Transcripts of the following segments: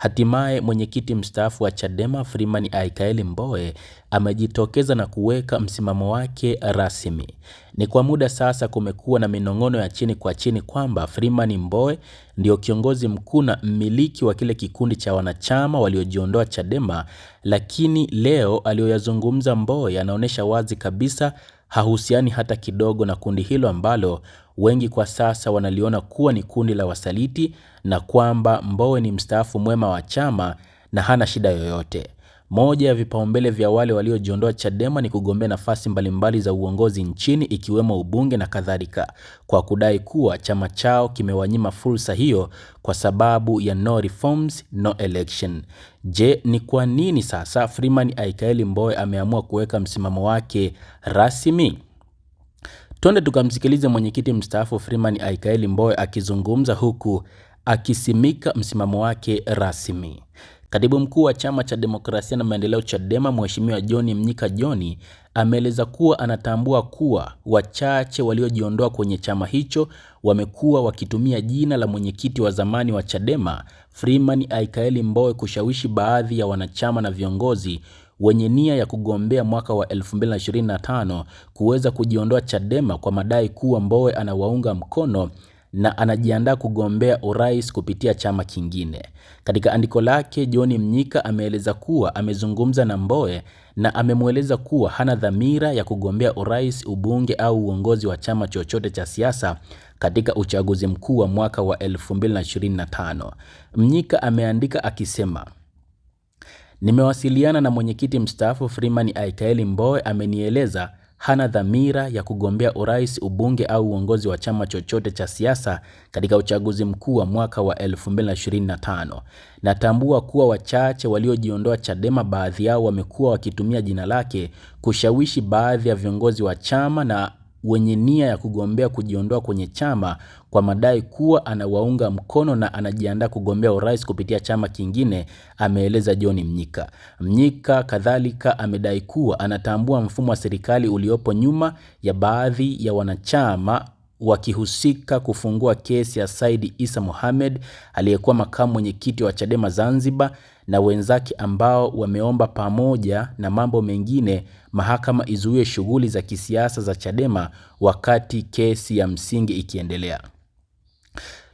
Hatimaye mwenyekiti mstaafu wa Chadema Freeman Aikaeli Mbowe amejitokeza na kuweka msimamo wake rasmi. Ni kwa muda sasa kumekuwa na minong'ono ya chini kwa chini kwamba Freeman Mbowe ndio kiongozi mkuu na mmiliki wa kile kikundi cha wanachama waliojiondoa Chadema, lakini leo aliyoyazungumza Mbowe anaonyesha wazi kabisa hahusiani hata kidogo na kundi hilo ambalo wengi kwa sasa wanaliona kuwa ni kundi la wasaliti na kwamba Mbowe ni mstaafu mwema wa chama na hana shida yoyote. Moja ya vipaumbele vya wale waliojiondoa Chadema ni kugombea nafasi mbalimbali za uongozi nchini ikiwemo ubunge na kadhalika, kwa kudai kuwa chama chao kimewanyima fursa hiyo kwa sababu ya no reforms, no election. Je, ni kwa nini sasa Freeman Aikaeli Mbowe ameamua kuweka msimamo wake rasmi? Twende tukamsikilize mwenyekiti mstaafu Freeman Aikaeli Mbowe akizungumza huku akisimika msimamo wake rasmi. Katibu mkuu wa chama cha demokrasia na maendeleo Chadema, Mheshimiwa John Mnyika John ameeleza kuwa anatambua kuwa wachache waliojiondoa kwenye chama hicho wamekuwa wakitumia jina la mwenyekiti wa zamani wa Chadema Freeman Aikaeli Mbowe kushawishi baadhi ya wanachama na viongozi wenye nia ya kugombea mwaka wa 2025 kuweza kujiondoa Chadema kwa madai kuwa Mbowe anawaunga mkono na anajiandaa kugombea urais kupitia chama kingine. Katika andiko lake, John Mnyika ameeleza kuwa amezungumza na Mbowe na amemweleza kuwa hana dhamira ya kugombea urais, ubunge au uongozi wa chama chochote cha siasa katika uchaguzi mkuu wa mwaka wa 2025. Mnyika ameandika akisema Nimewasiliana na mwenyekiti mstaafu Freeman Aikaeli Mbowe, amenieleza hana dhamira ya kugombea urais, ubunge au uongozi wa chama chochote cha siasa katika uchaguzi mkuu wa mwaka wa 2025. Natambua kuwa wachache waliojiondoa Chadema, baadhi yao wamekuwa wakitumia jina lake kushawishi baadhi ya viongozi wa chama na wenye nia ya kugombea kujiondoa kwenye chama kwa madai kuwa anawaunga mkono na anajiandaa kugombea urais kupitia chama kingine, ameeleza John Mnyika. Mnyika kadhalika amedai kuwa anatambua mfumo wa serikali uliopo nyuma ya baadhi ya wanachama wakihusika kufungua kesi ya Said isa Mohamed aliyekuwa makamu mwenyekiti wa Chadema Zanzibar na wenzake ambao wameomba pamoja na mambo mengine mahakama izuie shughuli za kisiasa za Chadema wakati kesi ya msingi ikiendelea.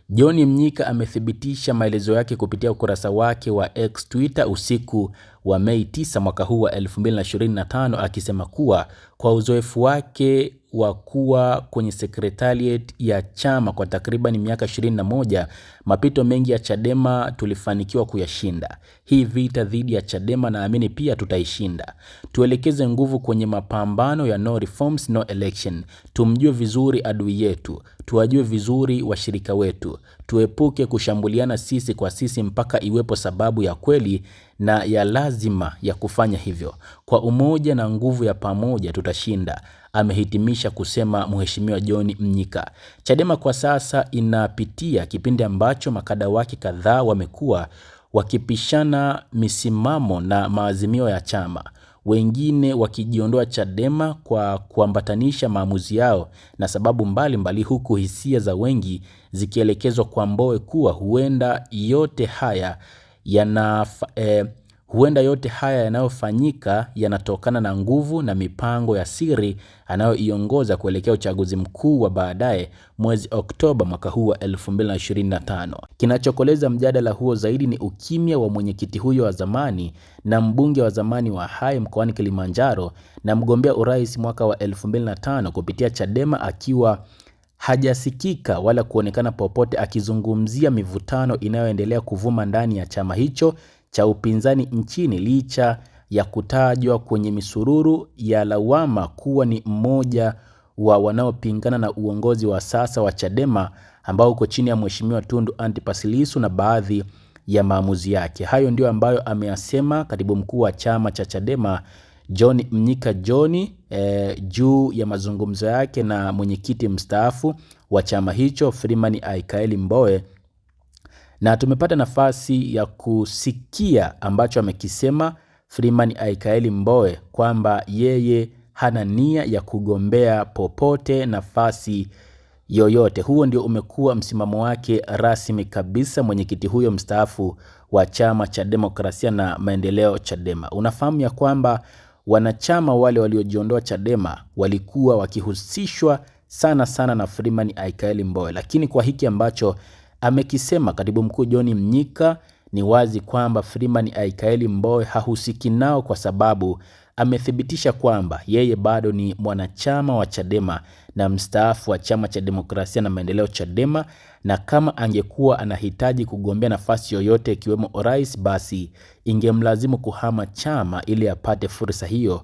John Mnyika amethibitisha maelezo yake kupitia ukurasa wake wa X Twitter usiku wa Mei 9 mwaka huu wa 2025 akisema kuwa kwa uzoefu wake wa kuwa kwenye sekretariat ya chama kwa takriban miaka 21, mapito mengi ya Chadema tulifanikiwa kuyashinda. Hii vita dhidi ya Chadema naamini pia tutaishinda. Tuelekeze nguvu kwenye mapambano ya no reforms, no election. Tumjue vizuri adui yetu, tuwajue vizuri washirika wetu, tuepuke kushambuliana sisi kwa sisi mpaka iwepo sababu ya kweli na ya lazima ya kufanya hivyo. Kwa umoja na nguvu ya pamoja tutashinda, amehitimisha kusema Mheshimiwa John Mnyika. Chadema kwa sasa inapitia kipindi ambacho makada wake kadhaa wamekuwa wakipishana misimamo na maazimio ya chama, wengine wakijiondoa Chadema kwa kuambatanisha maamuzi yao na sababu mbalimbali mbali, huku hisia za wengi zikielekezwa kwa Mbowe kuwa huenda yote haya yana eh, huenda yote haya yanayofanyika yanatokana na nguvu na mipango ya siri anayoiongoza kuelekea uchaguzi mkuu wa baadaye mwezi Oktoba mwaka huu wa 2025. Kinachokoleza mjadala huo zaidi ni ukimya wa mwenyekiti huyo wa zamani na mbunge wa zamani wa Hai mkoani Kilimanjaro na mgombea urais mwaka wa 2005 kupitia Chadema akiwa hajasikika wala kuonekana popote akizungumzia mivutano inayoendelea kuvuma ndani ya chama hicho cha upinzani nchini licha ya kutajwa kwenye misururu ya lawama kuwa ni mmoja wa wanaopingana na uongozi wa sasa wa Chadema ambao uko chini ya Mheshimiwa Tundu Antipas Lissu na baadhi ya maamuzi yake. Hayo ndio ambayo ameyasema katibu mkuu wa chama cha Chadema John Mnyika John eh, juu ya mazungumzo yake na mwenyekiti mstaafu wa chama hicho Freeman Aikaeli Mbowe na tumepata nafasi ya kusikia ambacho amekisema Freeman Aikaeli Mbowe kwamba yeye hana nia ya kugombea popote nafasi yoyote. Huo ndio umekuwa msimamo wake rasmi kabisa, mwenyekiti huyo mstaafu wa chama cha demokrasia na maendeleo Chadema. Unafahamu ya kwamba wanachama wale waliojiondoa Chadema walikuwa wakihusishwa sana sana na Freeman Aikaeli Mbowe, lakini kwa hiki ambacho amekisema katibu mkuu John Mnyika, ni wazi kwamba Freeman Aikaeli Mbowe hahusiki nao kwa sababu amethibitisha kwamba yeye bado ni mwanachama wa Chadema na mstaafu wa chama cha demokrasia na maendeleo Chadema, na kama angekuwa anahitaji kugombea nafasi yoyote ikiwemo urais, basi ingemlazimu kuhama chama ili apate fursa hiyo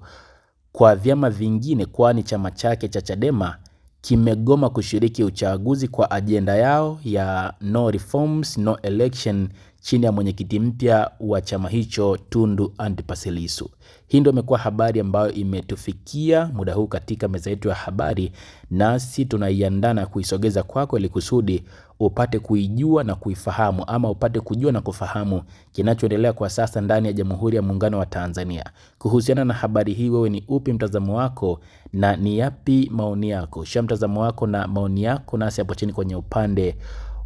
kwa vyama vingine, kwani chama chake cha Chadema kimegoma kushiriki uchaguzi kwa ajenda yao ya no reforms, no election chini ya mwenyekiti mpya wa chama hicho Tundu Antipas Lissu. Hii ndio imekuwa habari ambayo imetufikia muda huu katika meza yetu ya habari, nasi tunaiandaa na kuisogeza kwako ili kusudi upate kuijua na kuifahamu ama upate kujua na kufahamu kinachoendelea kwa sasa ndani ya Jamhuri ya Muungano wa Tanzania. Kuhusiana na habari hii, wewe ni upi mtazamo wako na ni yapi maoni yako? Shia mtazamo wako na maoni yako nasi hapo chini kwenye upande